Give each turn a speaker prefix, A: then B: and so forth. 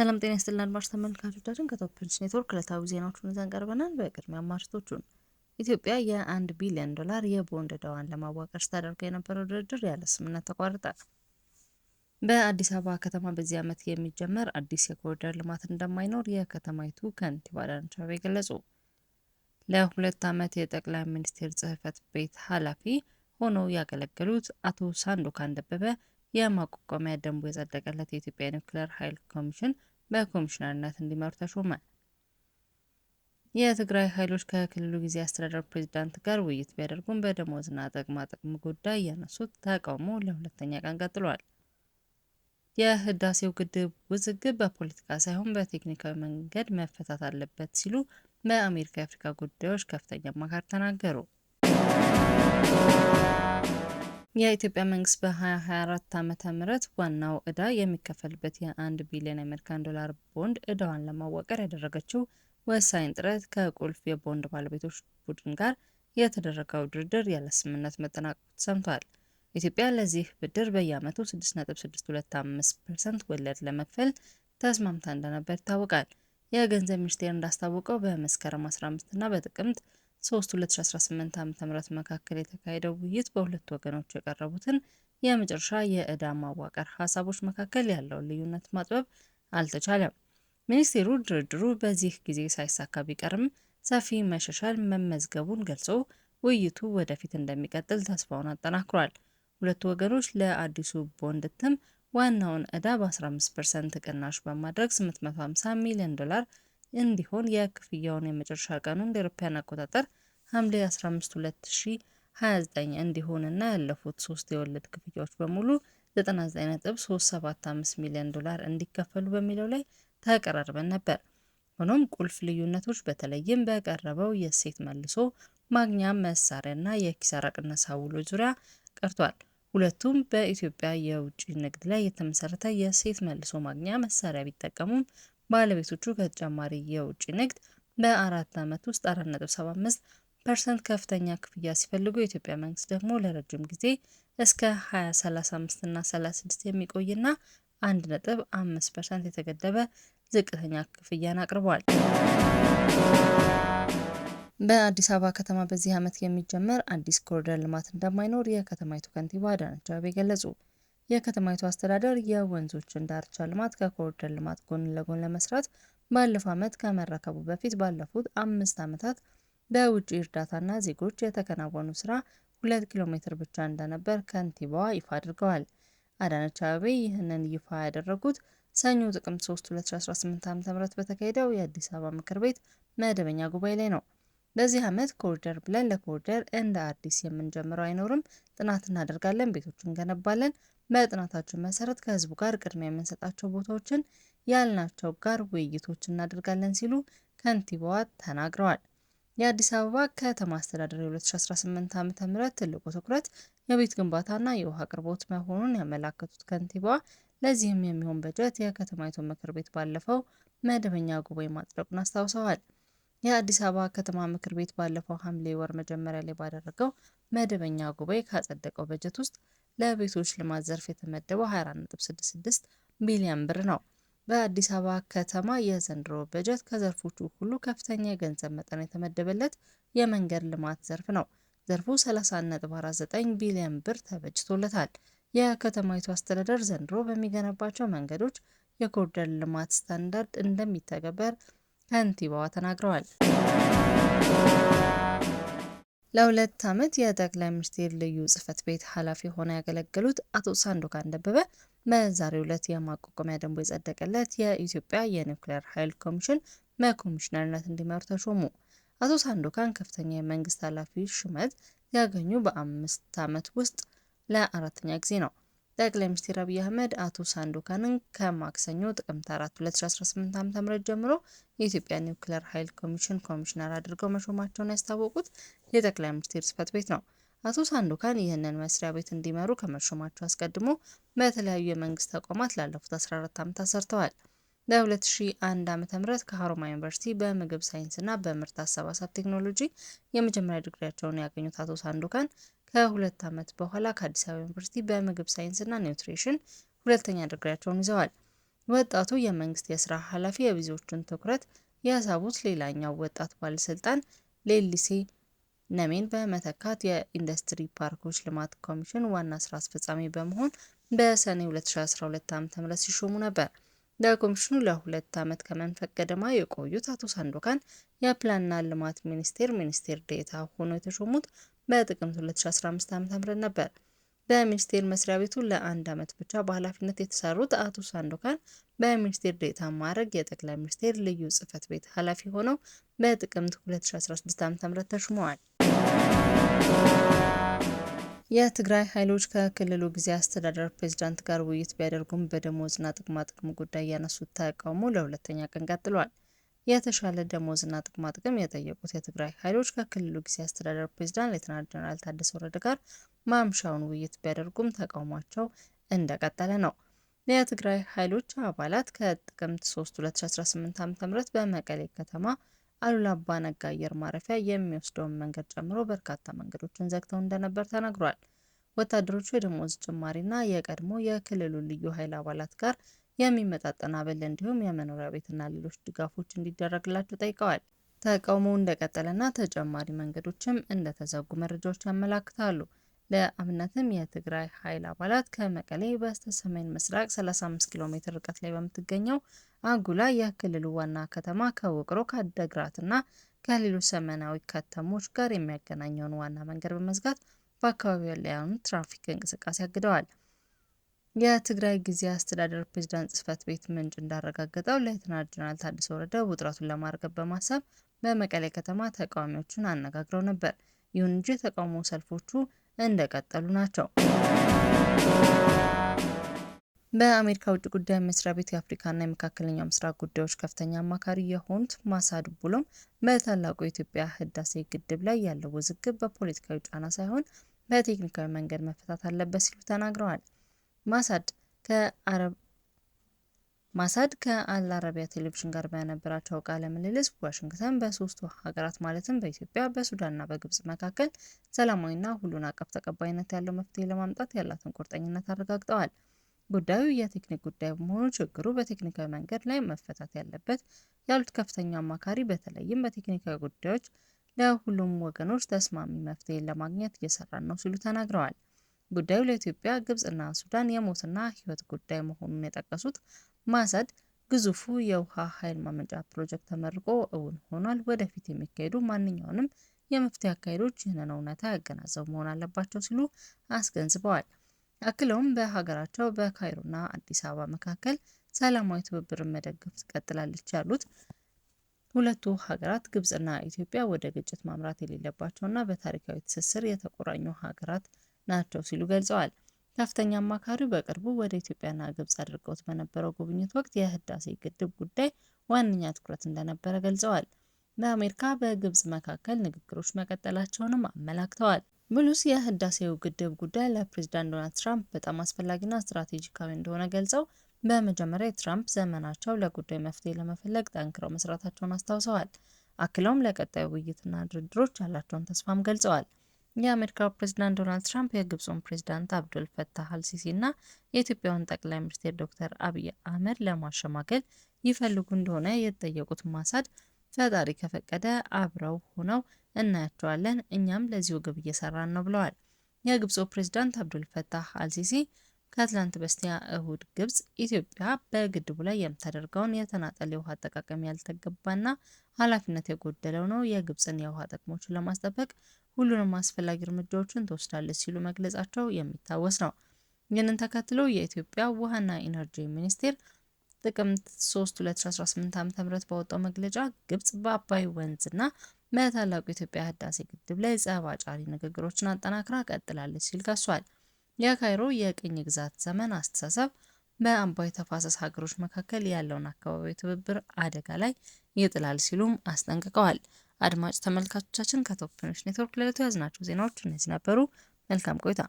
A: ሰላም ጤና ይስጥልን አድማጭ ተመልካቾቻችን፣ ከቶፕ ኔትወርክ ዕለታዊ ዜናዎችን ይዘን ቀርበናል። በቅድሚያ አማርቶቹን ኢትዮጵያ የአንድ ቢሊዮን ዶላር የቦንድ ዕዳዋን ለማዋቀር ስታደርገው የነበረው ድርድር ያለ ስምምነት ተቋርጠ በአዲስ አበባ ከተማ በዚህ ዓመት የሚጀመር አዲስ የኮሪደር ልማት እንደማይኖር የከተማይቱ ከንቲባ አዳነች አቤቤ ገለጹ። ለሁለት ዓመት የጠቅላይ ሚኒስትር ጽህፈት ቤት ኃላፊ ሆነው ያገለገሉት አቶ ሳንዶካን ደበበ የማቋቋሚያ ደንቡ የጸደቀለት የኢትዮጵያ ኒውክሌር ኃይል ኮሚሽን በኮሚሽነርነት እንዲመሩ ተሾመ። የትግራይ ኃይሎች ከክልሉ ጊዜ አስተዳደር ፕሬዝዳንት ጋር ውይይት ቢያደርጉም በደሞዝና ጥቅማ ጥቅም ጉዳይ ያነሱት ተቃውሞ ለሁለተኛ ቀን ቀጥሏል። የህዳሴው ግድብ ውዝግብ በፖለቲካ ሳይሆን በቴክኒካዊ መንገድ መፈታት አለበት ሲሉ በአሜሪካ የአፍሪካ ጉዳዮች ከፍተኛ አማካሪ ተናገሩ። የኢትዮጵያ መንግስት በ2024 ዓመተ ምህረት ዋናው ዕዳ የሚከፈልበት የ1 ቢሊዮን አሜሪካን ዶላር ቦንድ ዕዳዋን ለማዋቀር ያደረገችው ወሳኝ ጥረት ከቁልፍ የቦንድ ባለቤቶች ቡድን ጋር የተደረገው ድርድር ያለ ስምምነት መጠናቀቁ ተሰምቷል። ኢትዮጵያ ለዚህ ብድር በየዓመቱ 6.625% ወለድ ለመክፈል ተስማምታ እንደነበር ይታወቃል። የገንዘብ ሚኒስቴር እንዳስታወቀው በመስከረም 15ና በጥቅምት 3 2018 ዓ መካከል የተካሄደው ውይይት በሁለቱ ወገኖች የቀረቡትን የመጨረሻ የዕዳ ማዋቀር ሀሳቦች መካከል ያለውን ልዩነት ማጥበብ አልተቻለም። ሚኒስቴሩ ድርድሩ በዚህ ጊዜ ሳይሳካ ቢቀርም ሰፊ መሻሻል መመዝገቡን ገልጾ ውይይቱ ወደፊት እንደሚቀጥል ተስፋውን አጠናክሯል። ሁለቱ ወገኖች ለአዲሱ ቦንድ እትም ዋናውን ዕዳ በ15 ፐርሰንት ቅናሽ በማድረግ 850 ሚሊዮን ዶላር እንዲሆን የክፍያውን የመጨረሻ ቀኑን እንደ አውሮፓውያን አቆጣጠር ሐምሌ 15 2029 እና ያለፉት ሶስት የወለድ ክፍያዎች በሙሉ 99.375 ሚሊዮን ዶላር እንዲከፈሉ በሚለው ላይ ተቀራርበን ነበር። ሆኖም ቁልፍ ልዩነቶች በተለይም በቀረበው የእሴት መልሶ ማግኛ መሳሪያና የኪሳራ ቅነሳ ዙሪያ ቀርቷል። ሁለቱም በኢትዮጵያ የውጭ ንግድ ላይ የተመሰረተ የእሴት መልሶ ማግኛ መሳሪያ ቢጠቀሙም ባለቤቶቹ ከተጨማሪ የውጭ ንግድ በአራት ዓመት ውስጥ 4.75 ፐርሰንት ከፍተኛ ክፍያ ሲፈልጉ የኢትዮጵያ መንግስት ደግሞ ለረጅም ጊዜ እስከ 2035 እና 36 የሚቆይና 1.5 ፐርሰንት የተገደበ ዝቅተኛ ክፍያን አቅርቧል። በአዲስ አበባ ከተማ በዚህ ዓመት የሚጀመር አዲስ ኮሪደር ልማት እንደማይኖር የከተማይቱ ከንቲባ አዳነች አቤቤ ገለጹ። የከተማይቱ አስተዳደር የወንዞችን ዳርቻ ልማት ከኮሪደር ልማት ጎን ለጎን ለመስራት ባለፈው ዓመት ከመረከቡ በፊት ባለፉት አምስት ዓመታት በውጪ እርዳታና ዜጎች የተከናወኑ ስራ ሁለት ኪሎ ሜትር ብቻ እንደነበር ከንቲባዋ ይፋ አድርገዋል። አዳነች አቤቤ ይህንን ይፋ ያደረጉት ሰኞ ጥቅምት 3 2018 ዓ.ም በተካሄደው የአዲስ አበባ ምክር ቤት መደበኛ ጉባኤ ላይ ነው። በዚህ ዓመት ኮሪደር ብለን ለኮሪደር እንደ አዲስ የምንጀምረው አይኖርም፣ ጥናት እናደርጋለን፣ ቤቶች እንገነባለን፣ በጥናታችን መሰረት ከህዝቡ ጋር ቅድሚያ የምንሰጣቸው ቦታዎችን ያልናቸው ጋር ውይይቶች እናደርጋለን ሲሉ ከንቲባዋ ተናግረዋል። የአዲስ አበባ ከተማ አስተዳደር የ2018 ዓ ም ትልቁ ትኩረት የቤት ግንባታና የውሃ አቅርቦት መሆኑን ያመላከቱት ከንቲባዋ ለዚህም የሚሆን በጀት የከተማይቱ ምክር ቤት ባለፈው መደበኛ ጉባኤ ማጽደቁን አስታውሰዋል። የአዲስ አበባ ከተማ ምክር ቤት ባለፈው ሐምሌ ወር መጀመሪያ ላይ ባደረገው መደበኛ ጉባኤ ካጸደቀው በጀት ውስጥ ለቤቶች ልማት ዘርፍ የተመደበው 24.66 ቢሊዮን ብር ነው። በአዲስ አበባ ከተማ የዘንድሮ በጀት ከዘርፎቹ ሁሉ ከፍተኛ የገንዘብ መጠን የተመደበለት የመንገድ ልማት ዘርፍ ነው። ዘርፉ 30.49 ቢሊዮን ብር ተበጅቶለታል። የከተማይቱ አስተዳደር ዘንድሮ በሚገነባቸው መንገዶች የኮሪደር ልማት ስታንዳርድ እንደሚተገበር ከንቲባዋ ተናግረዋል። ለሁለት ዓመት የጠቅላይ ሚኒስትር ልዩ ጽህፈት ቤት ኃላፊ ሆነው ያገለገሉት አቶ ሳንዶካን ደበበ በዛሬው ዕለት የማቋቋሚያ ደንቡ የጸደቀለት የኢትዮጵያ የኒውክሌር ኃይል ኮሚሽን በኮሚሽነርነት እንዲመሩ ተሾሙ። አቶ ሳንዶካን ከፍተኛ የመንግስት ኃላፊ ሹመት ያገኙ በአምስት ዓመት ውስጥ ለአራተኛ ጊዜ ነው። ጠቅላይ ሚኒስትር አብይ አህመድ አቶ ሳንዶካንን ከማክሰኞ ጥቅምት 4 2018 ዓ.ም ጀምሮ የኢትዮጵያ ኒውክሌር ኃይል ኮሚሽን ኮሚሽነር አድርገው መሾማቸውን ያስታወቁት የጠቅላይ ሚኒስትር ጽፈት ቤት ነው። አቶ ሳንዶካን ይህንን መስሪያ ቤት እንዲመሩ ከመሾማቸው አስቀድሞ በተለያዩ የመንግስት ተቋማት ላለፉት 14 ዓመታት ሰርተዋል። በ2001 ዓ.ም ከሀሮማያ ዩኒቨርሲቲ በምግብ ሳይንስና በምርት አሰባሰብ ቴክኖሎጂ የመጀመሪያ ዲግሪያቸውን ያገኙት አቶ ሳንዶካን ከሁለት ዓመት በኋላ ከአዲስ አበባ ዩኒቨርሲቲ በምግብ ሳይንስና ኒውትሪሽን ሁለተኛ ድግሪያቸውን ይዘዋል። ወጣቱ የመንግስት የስራ ኃላፊ የብዙዎቹን ትኩረት የሳቡት ሌላኛው ወጣት ባለስልጣን ሌሊሴ ነሜን በመተካት የኢንዱስትሪ ፓርኮች ልማት ኮሚሽን ዋና ስራ አስፈጻሚ በመሆን በሰኔ 2012 ዓ.ም ሲሾሙ ነበር። ለኮሚሽኑ ለሁለት ዓመት ከመንፈቅ ገደማ የቆዩት አቶ ሳንዶካን የፕላንና ልማት ሚኒስቴር ሚኒስቴር ዴታ ሆነው የተሾሙት በጥቅምት 2015 ዓ.ም ነበር። በሚኒስቴር መስሪያ ቤቱ ለአንድ ዓመት ብቻ በኃላፊነት የተሰሩት አቶ ሳንዶካን በሚኒስቴር ዴታ ማዕረግ የጠቅላይ ሚኒስቴር ልዩ ጽህፈት ቤት ኃላፊ ሆነው በጥቅምት 2016 ም ተሹመዋል። የትግራይ ኃይሎች ከክልሉ ጊዜ አስተዳደር ፕሬዝዳንት ጋር ውይይት ቢያደርጉም በደሞዝና ጥቅማ ጥቅም ጉዳይ ያነሱት ተቃውሞ ለሁለተኛ ቀን ቀጥሏል። የተሻለ ደሞዝና ጥቅማ ጥቅም የጠየቁት የትግራይ ኃይሎች ከክልሉ ጊዜ አስተዳደር ፕሬዝዳንት ሌተናል ጀነራል ታደሰ ወረደ ጋር ማምሻውን ውይይት ቢያደርጉም ተቃውሟቸው እንደቀጠለ ነው። የትግራይ ኃይሎች አባላት ከጥቅምት 3 2018 ዓ.ም በመቀሌ ከተማ አሉላ አባ ነጋ አየር ማረፊያ የሚወስደውን መንገድ ጨምሮ በርካታ መንገዶችን ዘግተው እንደነበር ተነግሯል። ወታደሮቹ የደሞዝ ጭማሪና የቀድሞ የክልሉ ልዩ ኃይል አባላት ጋር የሚመጣጠን አበል እንዲሁም የመኖሪያ ቤትና ሌሎች ድጋፎች እንዲደረግላቸው ጠይቀዋል። ተቃውሞው እንደቀጠለና ተጨማሪ መንገዶችም እንደተዘጉ መረጃዎች ያመላክታሉ። ለአብነትም የትግራይ ኃይል አባላት ከመቀሌ በስተሰሜን ምስራቅ 35 ኪሎ ሜትር ርቀት ላይ በምትገኘው አጉላ የክልሉ ዋና ከተማ ከውቅሮ ከአደግራትና ከሌሎች ሰሜናዊ ከተሞች ጋር የሚያገናኘውን ዋና መንገድ በመዝጋት በአካባቢው ያለውን ትራፊክ እንቅስቃሴ አግደዋል። የትግራይ ጊዜያዊ አስተዳደር ፕሬዝዳንት ጽህፈት ቤት ምንጭ እንዳረጋገጠው ሌተናል ጀነራል ታደሰ ወረደ ውጥረቱን ለማርገብ በማሰብ በመቀሌ ከተማ ተቃዋሚዎችን አነጋግረው ነበር። ይሁን እንጂ የተቃውሞ ሰልፎቹ እንደቀጠሉ ናቸው። በአሜሪካ ውጭ ጉዳይ መስሪያ ቤት የአፍሪካና የመካከለኛ ምስራቅ ጉዳዮች ከፍተኛ አማካሪ የሆኑት ማሳድ ቡሎም በታላቁ የኢትዮጵያ ህዳሴ ግድብ ላይ ያለው ውዝግብ በፖለቲካዊ ጫና ሳይሆን በቴክኒካዊ መንገድ መፈታት አለበት ሲሉ ተናግረዋል። ማሳድ ከአረብ ማሳድ ከአል አረቢያ ቴሌቪዥን ጋር በነበራቸው ቃለ ምልልስ ዋሽንግተን በሶስቱ ሀገራት ማለትም በኢትዮጵያ፣ በሱዳንና በግብጽ መካከል ሰላማዊና ሁሉን አቀፍ ተቀባይነት ያለው መፍትሄ ለማምጣት ያላትን ቁርጠኝነት አረጋግጠዋል። ጉዳዩ የቴክኒክ ጉዳይ በመሆኑ ችግሩ በቴክኒካዊ መንገድ ላይ መፈታት ያለበት ያሉት ከፍተኛ አማካሪ በተለይም በቴክኒካዊ ጉዳዮች ለሁሉም ወገኖች ተስማሚ መፍትሄ ለማግኘት እየሰራን ነው ሲሉ ተናግረዋል። ጉዳዩ ለኢትዮጵያ፣ ግብጽና ሱዳን የሞትና ህይወት ጉዳይ መሆኑን የጠቀሱት ማሳድ ግዙፉ የውሃ ኃይል ማመንጫ ፕሮጀክት ተመርቆ እውን ሆኗል። ወደፊት የሚካሄዱ ማንኛውንም የመፍትሄ አካሄዶች ይህንን እውነታ ያገናዘቡ መሆን አለባቸው ሲሉ አስገንዝበዋል። አክለውም በሀገራቸው በካይሮና አዲስ አበባ መካከል ሰላማዊ ትብብርን መደገፍ ትቀጥላለች ያሉት ሁለቱ ሀገራት ግብጽና ኢትዮጵያ ወደ ግጭት ማምራት የሌለባቸውና በታሪካዊ ትስስር የተቆራኙ ሀገራት ናቸው ሲሉ ገልጸዋል። ከፍተኛ አማካሪው በቅርቡ ወደ ኢትዮጵያና ግብጽ አድርገውት በነበረው ጉብኝት ወቅት የህዳሴ ግድብ ጉዳይ ዋነኛ ትኩረት እንደነበረ ገልጸዋል። በአሜሪካ በግብጽ መካከል ንግግሮች መቀጠላቸውንም አመላክተዋል። ብሉስ የህዳሴው ግድብ ጉዳይ ለፕሬዝዳንት ዶናልድ ትራምፕ በጣም አስፈላጊና ስትራቴጂካዊ እንደሆነ ገልጸው በመጀመሪያ የትራምፕ ዘመናቸው ለጉዳዩ መፍትሄ ለመፈለግ ጠንክረው መስራታቸውን አስታውሰዋል። አክለውም ለቀጣዩ ውይይትና ድርድሮች ያላቸውን ተስፋም ገልጸዋል። የአሜሪካው ፕሬዝዳንት ዶናልድ ትራምፕ የግብፁን ፕሬዝዳንት አብዱል ፈታህ አልሲሲ እና የኢትዮጵያውን ጠቅላይ ሚኒስትር ዶክተር አብይ አህመድ ለማሸማገል ይፈልጉ እንደሆነ የተጠየቁት ማሳድ ፈጣሪ ከፈቀደ አብረው ሆነው እናያቸዋለን፣ እኛም ለዚሁ ግብ እየሰራን ነው ብለዋል። የግብፁ ፕሬዝዳንት አብዱል ፈታህ አልሲሲ ከትላንት በስቲያ እሁድ ግብጽ ኢትዮጵያ በግድቡ ላይ የምታደርገውን የተናጠል የውሃ አጠቃቀም ያልተገባና ኃላፊነት የጎደለው ነው፣ የግብጽን የውሃ ጥቅሞችን ለማስጠበቅ ሁሉንም አስፈላጊ እርምጃዎችን ትወስዳለች ሲሉ መግለጻቸው የሚታወስ ነው። ይህንን ተከትሎ የኢትዮጵያ ውሃና ኢነርጂ ሚኒስቴር ጥቅምት 3 2018 ዓ.ም ባወጣው መግለጫ ግብጽ በአባይ ወንዝና በታላቁ የኢትዮጵያ ህዳሴ ግድብ ላይ ጸብ አጫሪ ንግግሮችን አጠናክራ ቀጥላለች ሲል ከሷል። የካይሮ የቅኝ ግዛት ዘመን አስተሳሰብ በአባይ ተፋሰስ ሀገሮች መካከል ያለውን አካባቢ ትብብር አደጋ ላይ ይጥላል ሲሉም አስጠንቅቀዋል። አድማጭ ተመልካቾቻችን ከቶፕንሽ ኔትወርክ ለለቱ ያዝናቸው ዜናዎች እነዚህ ነበሩ። መልካም ቆይታ